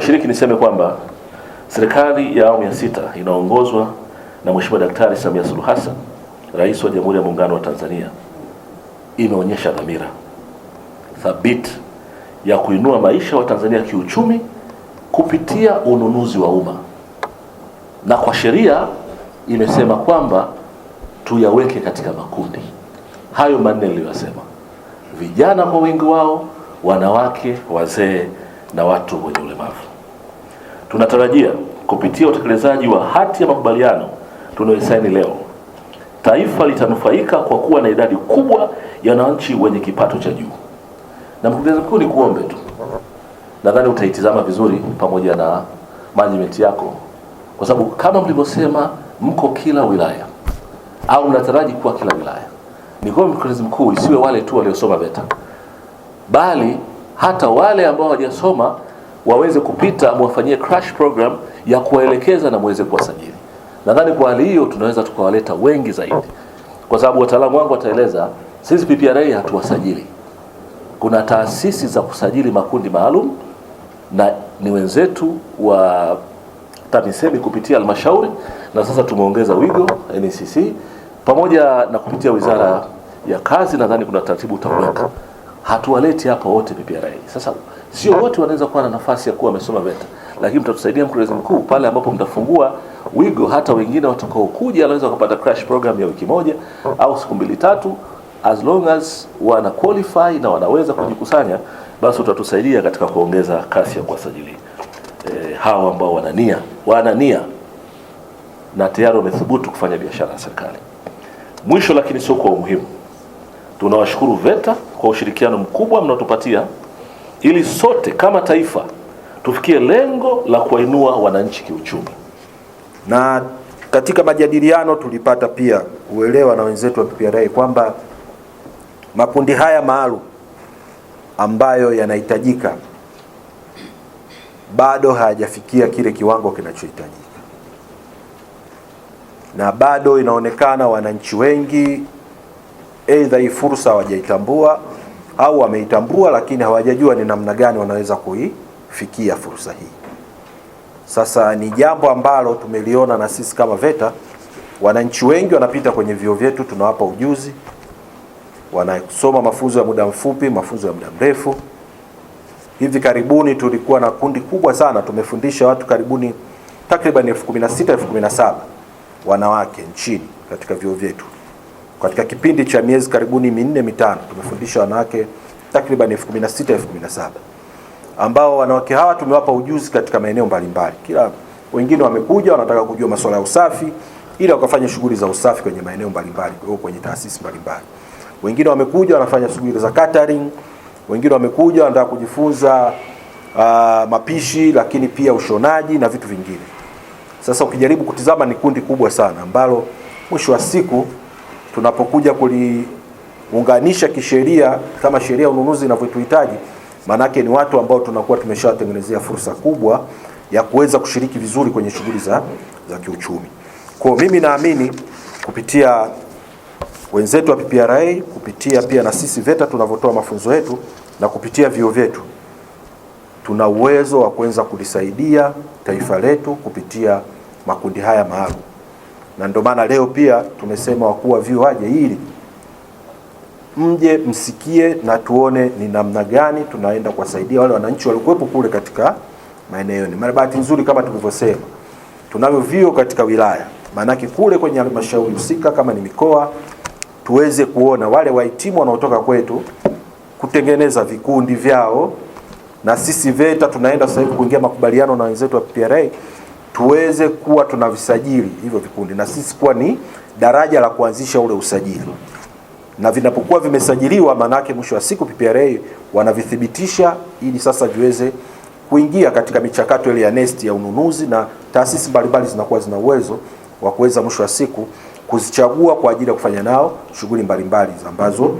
washiriki, niseme kwamba serikali ya awamu ya sita inaongozwa na Mheshimiwa Daktari Samia Suluhu Hassan, Rais wa Jamhuri ya Muungano wa Tanzania, imeonyesha dhamira thabiti ya kuinua maisha wa Tanzania kiuchumi kupitia ununuzi wa umma, na kwa sheria imesema kwamba tuyaweke katika makundi hayo manne niliyosema: vijana kwa wingi wao, wanawake, wazee na watu wenye ulemavu. Tunatarajia kupitia utekelezaji wa hati ya makubaliano tunayosaini leo, taifa litanufaika kwa kuwa na idadi kubwa ya wananchi wenye kipato cha juu. Na mkurugenzi mkuu, ni kuombe tu, nadhani utaitizama vizuri pamoja na management yako, kwa sababu kama mlivyosema mko kila wilaya au mnataraji kuwa kila wilaya. Ni kwa mkurugenzi mkuu, isiwe wale tu waliosoma VETA, bali hata wale ambao hawajasoma waweze kupita, mwafanyie crash program ya kuwaelekeza na muweze kuwasajili. Nadhani kwa hali hiyo tunaweza tukawaleta wengi zaidi, kwa sababu wataalamu wangu wataeleza, sisi PPRA hatuwasajili. Kuna taasisi za kusajili makundi maalum na ni wenzetu wa TAMISEMI kupitia halmashauri, na sasa tumeongeza wigo NCC pamoja na kupitia wizara ya kazi. Nadhani kuna taratibu utaweka hatuwaleti hapa wote PPRA. Sasa sio wote wanaweza kuwa na nafasi ya kuwa wamesoma VETA, lakini mtatusaidia mkurugenzi mkuu pale ambapo mtafungua wigo, hata wengine watakaokuja wanaweza kupata crash program ya wiki moja au siku mbili tatu, as long as wana qualify na wanaweza kujikusanya, basi utatusaidia katika kuongeza kasi ya kuwasajili e, hawa ambao wanania wanania na tayari wamethubutu kufanya biashara na serikali. Mwisho lakini sio kwa umuhimu Tunawashukuru VETA kwa ushirikiano mkubwa mnaotupatia ili sote kama taifa tufikie lengo la kuwainua wananchi kiuchumi. Na katika majadiliano tulipata pia uelewa na wenzetu wa PPRA kwamba makundi haya maalum ambayo yanahitajika bado hayajafikia kile kiwango kinachohitajika, na bado inaonekana wananchi wengi Aidha, hii fursa hawajaitambua au wameitambua lakini hawajajua ni namna gani wanaweza kuifikia fursa hii. Sasa ni jambo ambalo tumeliona na sisi kama VETA. Wananchi wengi wanapita kwenye vyuo vyetu, tunawapa ujuzi, wanasoma mafunzo ya muda mfupi, mafunzo ya muda mrefu. Hivi karibuni tulikuwa na kundi kubwa sana, tumefundisha watu karibuni takriban elfu kumi na sita elfu kumi na saba wanawake nchini katika vyuo vyetu. Katika kipindi cha miezi karibuni minne mitano, tumefundisha wanawake takriban elfu kumi na sita elfu kumi na saba ambao wanawake hawa tumewapa ujuzi katika maeneo mbalimbali. Kila wengine wamekuja wanataka kujua masuala ya usafi ili wakafanya shughuli za usafi kwenye maeneo mbalimbali au kwenye taasisi mbalimbali. Wengine wamekuja wanafanya shughuli za catering, wengine wamekuja wanataka kujifunza uh, mapishi lakini pia ushonaji na vitu vingine. Sasa ukijaribu kutizama ni kundi kubwa sana ambalo mwisho wa siku tunapokuja kuliunganisha kisheria kama sheria ya ununuzi inavyotuhitaji, maanake ni watu ambao tunakuwa tumeshawatengenezea fursa kubwa ya kuweza kushiriki vizuri kwenye shughuli za, za kiuchumi. Kwa mimi naamini kupitia wenzetu wa PPRA kupitia pia na sisi VETA tunavyotoa mafunzo yetu na kupitia vyuo vyetu tuna uwezo wa kuweza kulisaidia taifa letu kupitia makundi haya maalum na ndio maana leo pia tumesema wakuu wa vyuo waje ili mje msikie na tuone ni namna gani tunaenda kuwasaidia wale wananchi waliokuwepo kule katika maeneo. Ni mara bahati nzuri kama tulivyosema tunavyo vyuo katika wilaya, maanake kule kwenye halmashauri husika kama ni mikoa, tuweze kuona wale wahitimu wanaotoka kwetu kutengeneza vikundi vyao, na sisi VETA tunaenda sasa hivi kuingia makubaliano na wenzetu wa PRA tuweze kuwa tunavisajili hivyo vikundi na sisi kuwa ni daraja la kuanzisha ule usajili, na vinapokuwa vimesajiliwa, maanake mwisho wa siku PPRA wanavithibitisha ili sasa viweze kuingia katika michakato ile ya NeST ya ununuzi, na taasisi mbalimbali zinakuwa zina uwezo wa kuweza mwisho wa siku kuzichagua kwa ajili ya kufanya nao shughuli mbalimbali ambazo